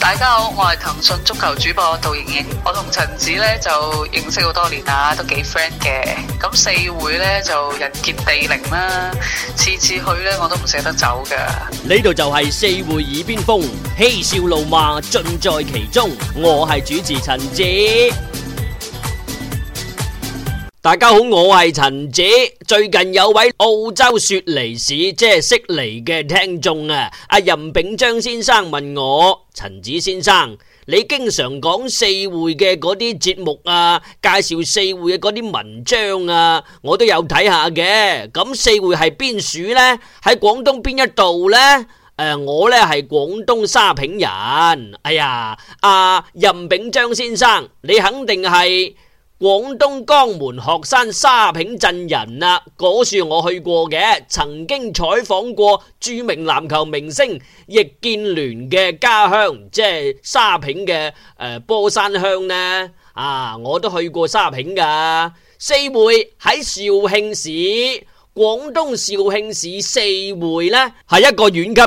大家好，我係騰訊足球主播杜盈盈，我同陳子咧就認識好多年啦，都幾 friend 嘅。咁四會咧就人傑地靈啦，次次去咧我都唔捨得走噶。呢度就係四會耳邊風，嬉笑怒罵盡在其中，我係主持陳子。大家好，我係陳子。最近有位澳洲雪梨市，即係悉尼嘅聽眾啊，阿任炳章先生問我，陳子先生，你經常講四會嘅嗰啲節目啊，介紹四會嘅嗰啲文章啊，我都有睇下嘅。咁四會係邊處呢？喺廣東邊一度呢？誒，我呢係廣東沙坪人。哎呀，阿任炳章先生，你肯定係。廣東江門鶴山沙坪鎮人啊，嗰時我去過嘅，曾經採訪過著名籃球明星易建聯嘅家鄉，即係沙坪嘅、呃、波山鄉呢。啊，我都去過沙坪噶，四會喺肇慶市。廣東肇慶市四會呢，係一個縣級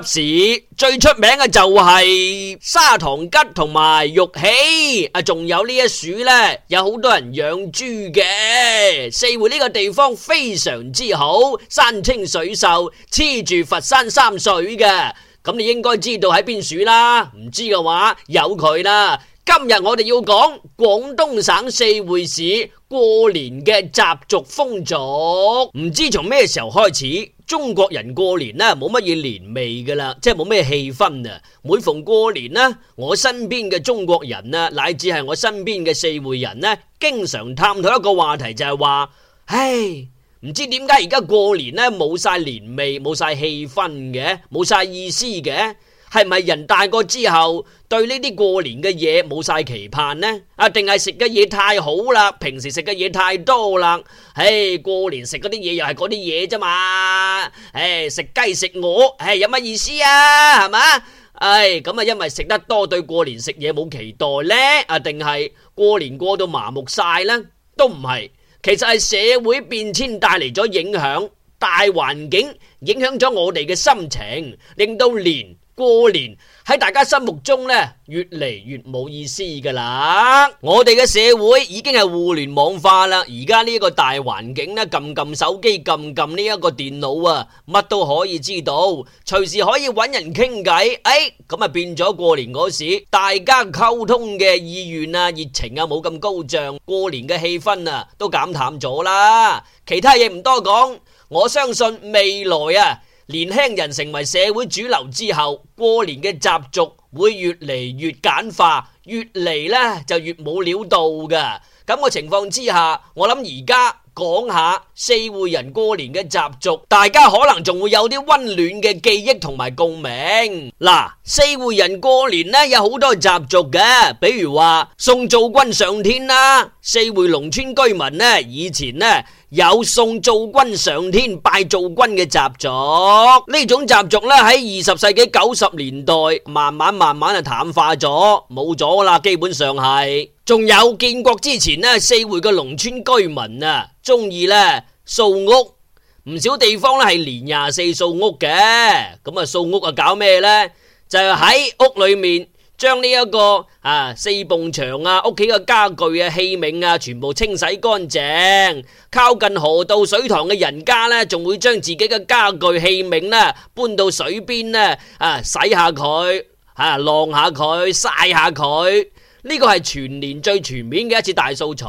市，最出名嘅就係沙糖桔同埋玉器，啊，仲有呢一處呢，有好多人養豬嘅。四會呢個地方非常之好，山清水秀，黐住佛山三水嘅。咁你應該知道喺邊處啦，唔知嘅話，由佢啦。今日我哋要講廣東省四會市過年嘅習俗風俗，唔知從咩時候開始，中國人過年呢冇乜嘢年味噶啦，即係冇咩氣氛啊！每逢過年呢，我身邊嘅中國人啊，乃至係我身邊嘅四會人呢，經常探討一個話題就係話，唉，唔知點解而家過年呢冇晒年味，冇晒氣氛嘅，冇晒意思嘅。係咪人大個之後對呢啲過年嘅嘢冇晒期盼呢？啊，定係食嘅嘢太好啦，平時食嘅嘢太多啦。唉，過年食嗰啲嘢又係嗰啲嘢啫嘛。唉，食雞食鵝，唉有乜意思啊？係嘛？唉，咁啊，因為食得多對過年食嘢冇期待呢？啊，定係過年過到麻木晒呢？都唔係，其實係社會變遷帶嚟咗影響，大環境影響咗我哋嘅心情，令到年。過年喺大家心目中呢，越嚟越冇意思噶啦！我哋嘅社會已經係互聯網化啦，而家呢一個大環境呢，撳撳手機，撳撳呢一個電腦啊，乜都可以知道，隨時可以揾人傾偈。誒、哎，咁啊變咗過年嗰時，大家溝通嘅意願啊、熱情啊，冇咁高漲，過年嘅氣氛啊，都減淡咗啦。其他嘢唔多講，我相信未來啊。年輕人成為社會主流之後，過年嘅習俗會越嚟越簡化，越嚟呢就越冇料到㗎。咁個情況之下，我諗而家講下四會人過年嘅習俗，大家可能仲會有啲溫暖嘅記憶同埋共鳴嗱、啊。四會人過年呢，有好多習俗嘅，比如話送灶君上天啦、啊。四會農村居民咧，以前咧有送灶君上天、拜灶君嘅習俗，呢種習俗咧喺二十世紀九十年代慢慢慢慢啊淡化咗，冇咗啦，基本上係。仲有建國之前咧，四會嘅農村居民啊，中意咧掃屋，唔少地方咧係年廿四掃屋嘅，咁啊掃屋啊搞咩呢？就係喺屋裏面。將呢一個啊四埲牆啊屋企嘅家具啊器皿啊全部清洗乾淨。靠近河道水塘嘅人家咧，仲會將自己嘅家具器皿咧搬到水邊咧啊洗下佢啊晾下佢曬下佢。呢個係全年最全面嘅一次大掃除。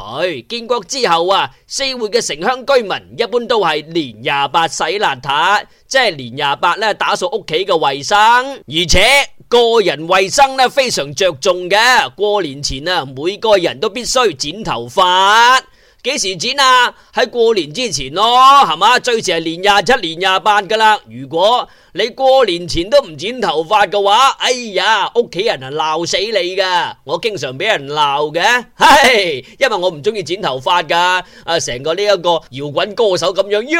建國之後啊，四會嘅城鄉居民一般都係年廿八洗邋遢，即係年廿八咧打掃屋企嘅衛生，而且。個人衛生呢非常着重嘅，過年前啊，每個人都必須剪頭髮。幾時剪啊？喺過年之前咯，係嘛？最遲係年廿七、年廿八噶啦。如果你過年前都唔剪頭髮嘅話，哎呀，屋企人啊鬧死你噶！我經常俾人鬧嘅，係、hey, 因為我唔中意剪頭髮噶。啊，成個呢一個搖滾歌手咁樣，喲，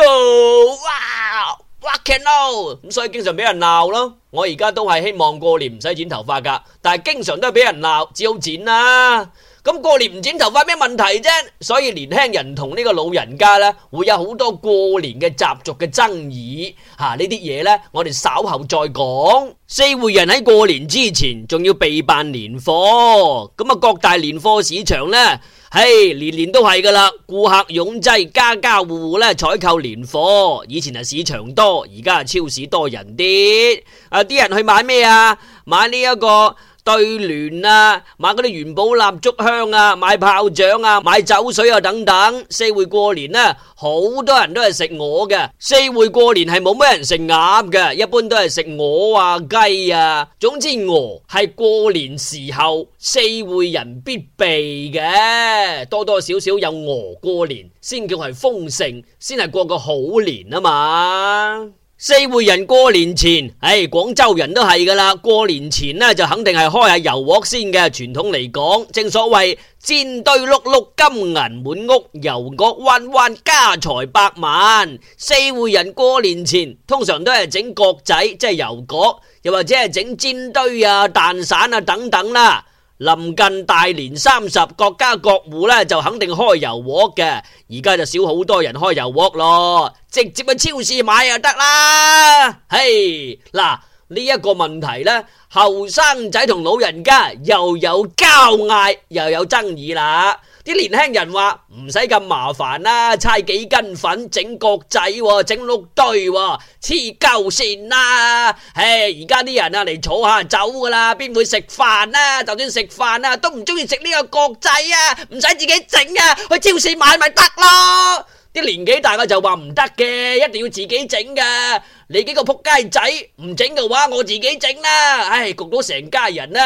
哇！哇！劇鬧咁，所以經常俾人鬧咯。我而家都係希望過年唔使剪頭髮噶，但係經常都係俾人鬧，只好剪啦、啊。咁過年唔剪頭髮咩問題啫？所以年輕人同呢個老人家呢，會有好多過年嘅習俗嘅爭議嚇呢啲嘢呢，我哋稍後再講。四會人喺過年之前仲要備辦年貨，咁啊各大年貨市場呢。嘿，hey，年年都係噶啦，顧客湧擠，家家戶戶咧採購年貨。以前係市場多，而家係超市多人啲。啊啲人去買咩啊？買呢、這、一個。對聯啊，買嗰啲元寶蠟燭香啊，買炮仗啊，買酒水又、啊、等等。四會過年咧、啊，好多人都係食鵝嘅。四會過年係冇咩人食鴨嘅，一般都係食鵝啊雞啊。總之鵝係過年時候四會人必備嘅，多多少少有鵝過年先叫係豐盛，先係過個好年啊嘛。四會人過年前，唉、哎，廣州人都係噶啦。過年前呢，就肯定係開下油鍋先嘅，傳統嚟講，正所謂煎堆碌碌，金銀滿屋；油角彎彎，家財百萬。四會人過年前通常都係整角仔，即係油角，又或者係整煎堆啊、蛋散啊等等啦、啊。臨近大年三十，各家各戶呢就肯定開油鑊嘅，而家就少好多人開油鑊咯，直接去超市買就得啦。嘿，hey，嗱呢一個問題呢，後生仔同老人家又有交嗌，又有爭議啦。啲年輕人話唔使咁麻煩啦，猜幾斤粉整角仔，整六堆，黐鳩線啦！唉、啊，而家啲人啊嚟，坐下走噶啦，邊會食飯啦？就算食飯啦，都唔中意食呢個角仔啊，唔使自己整啊，去超市買咪得咯。啲年紀大嘅就話唔得嘅，一定要自己整噶。你幾個撲街仔唔整嘅話，我自己整啦。唉，焗到成家人呢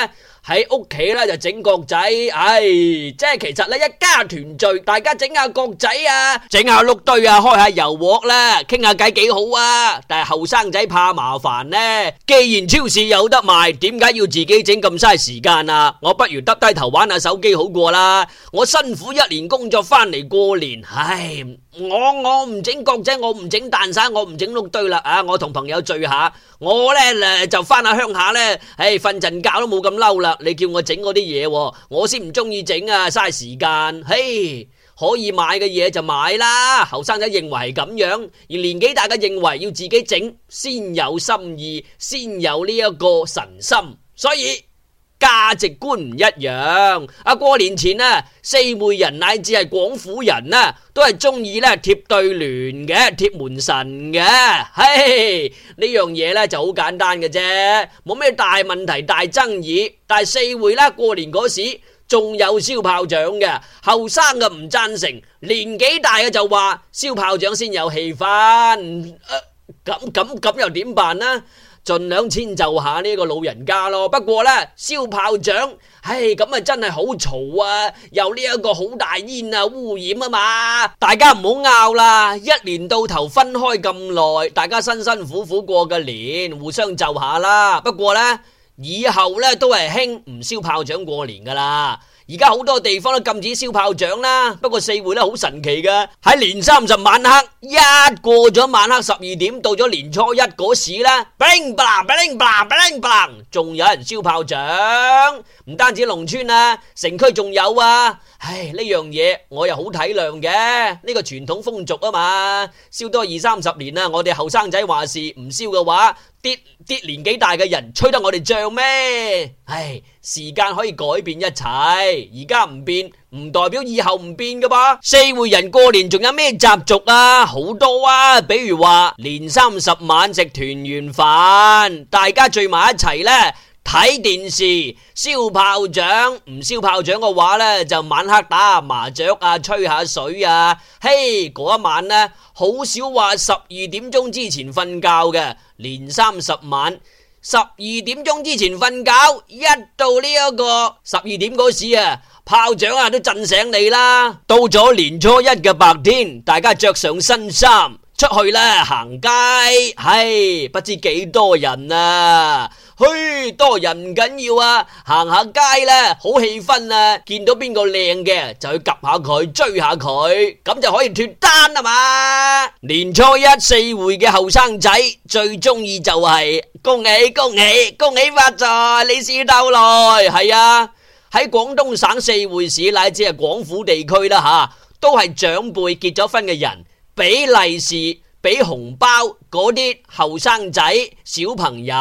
喺屋企呢就整角仔，唉，即係其實呢一家團聚，大家整下角仔啊，整下碌堆啊，開下油鑊啦，傾下偈幾好啊。但係後生仔怕麻煩呢，既然超市有得賣，點解要自己整咁嘥時間啊？我不如耷低頭玩下手機好過啦。我辛苦一年工作翻嚟過年，唉，我我唔整角仔，我唔整蛋散，我唔整碌堆啦啊我。我同朋友聚下，我呢就翻下鄉下呢，唉，瞓陣覺都冇咁嬲啦。你叫我整嗰啲嘢，我先唔中意整啊，嘥時間。嘿，可以買嘅嘢就買啦。後生仔認為係咁樣，而年紀大嘅認為要自己整先有心意，先有呢一個神心，所以。價值觀唔一樣，阿過年前啦，四會人乃至係廣府人啦，都係中意咧貼對聯嘅，貼門神嘅。嘿，嘿，嘿，呢樣嘢咧就好簡單嘅啫，冇咩大問題、大爭議。但係四會啦，過年嗰時仲有燒炮仗嘅，後生嘅唔贊成，年紀大嘅就話燒炮仗先有氣氛。誒、呃，咁咁咁又點辦呢？盡量遷就下呢個老人家咯。不過呢，燒炮仗，唉，咁啊真係好嘈啊，又呢一個好大煙啊，污染啊嘛。大家唔好拗啦，一年到頭分開咁耐，大家辛辛苦苦過個年，互相就下啦。不過呢，以後呢，都係興唔燒炮仗過年噶啦。而家好多地方都禁止燒炮仗啦，不過四會咧好神奇噶，喺年三十晚黑一過咗晚黑十二點，到咗年初一嗰時啦，噼鈴啪啦噼鈴啪啦噼鈴啪啦仲有人燒炮仗，唔單止農村啊，城區仲有啊，唉呢樣嘢我又好體諒嘅，呢個傳統風俗啊嘛，燒多二三十年啦，我哋後生仔話事唔燒嘅話。啲年紀大嘅人，吹得我哋漲咩？唉，時間可以改變一切，而家唔變唔代表以後唔變噶噃，四會人過年仲有咩習俗啊？好多啊，比如話年三十晚食團圓飯，大家聚埋一齊呢。睇電視、燒炮仗，唔燒炮仗嘅話呢，就晚黑打下麻雀啊，吹下水啊。嘿，嗰一晚呢，好少話十二點鐘之前瞓覺嘅，年三十晚十二點鐘之前瞓覺，一到呢一個十二點嗰時啊，炮仗啊都震醒你啦。到咗年初一嘅白天，大家着上新衫出去呢，行街，唉，hey，不知幾多人啊！嘿，多人唔緊要啊，行下街啦，好氣氛啊！見到邊個靚嘅就去及下佢，追下佢，咁就可以脫單啊嘛！年初一四會嘅後生仔最鍾意就係恭喜恭喜，恭喜發財，利是逗來係啊！喺廣東省四會市乃至係廣府地區啦吓，都係長輩結咗婚嘅人俾利是。俾紅包嗰啲後生仔小朋友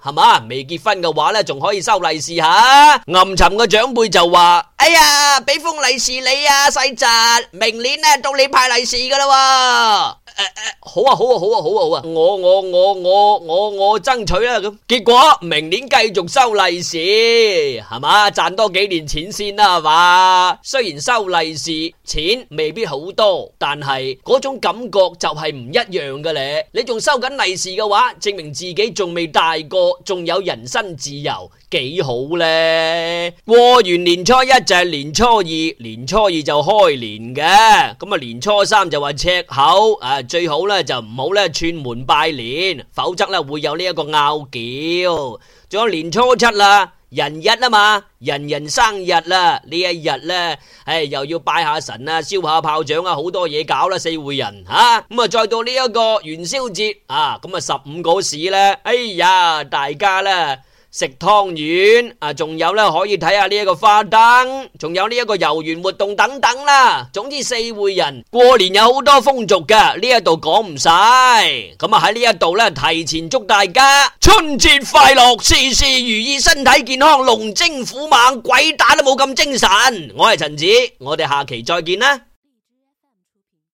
係咪，未結婚嘅話呢，仲可以收利是吓。暗沉嘅長輩就話：哎呀，俾封利是你呀，啊，細侄，明年呢，到你派利是噶啦。哎、好啊好啊好啊好啊好啊，我我我我我我爭取啊。咁，結果明年繼續收利是，係嘛，賺多幾年錢先啦，係嘛。雖然收利是錢未必好多，但係嗰種感覺就係唔一樣嘅咧。你仲收緊利是嘅話，證明自己仲未大個，仲有人身自由。幾好呢？過完年初一就係、是、年初二，年初二就開年嘅，咁啊年初三就話赤口，啊最好咧就唔好咧串門拜年，否則咧會有呢一個拗撬。仲有年初七啦，人日啊嘛，人人生日啦，呢一日咧，唉、哎、又要拜下神燒下啊，燒下炮仗啊，好多嘢搞啦，四會人吓，咁啊再到呢一個元宵節啊，咁啊十五嗰時咧，哎呀，大家咧。食湯圓啊，仲有咧，可以睇下呢一個花燈，仲有呢一個遊園活動等等啦。總之四會人過年有好多風俗噶，呢一度講唔晒。咁啊喺呢度咧提前祝大家春節快樂，事事如意，身體健康，龍精虎猛，鬼打都冇咁精神。我係陳子，我哋下期再見啦。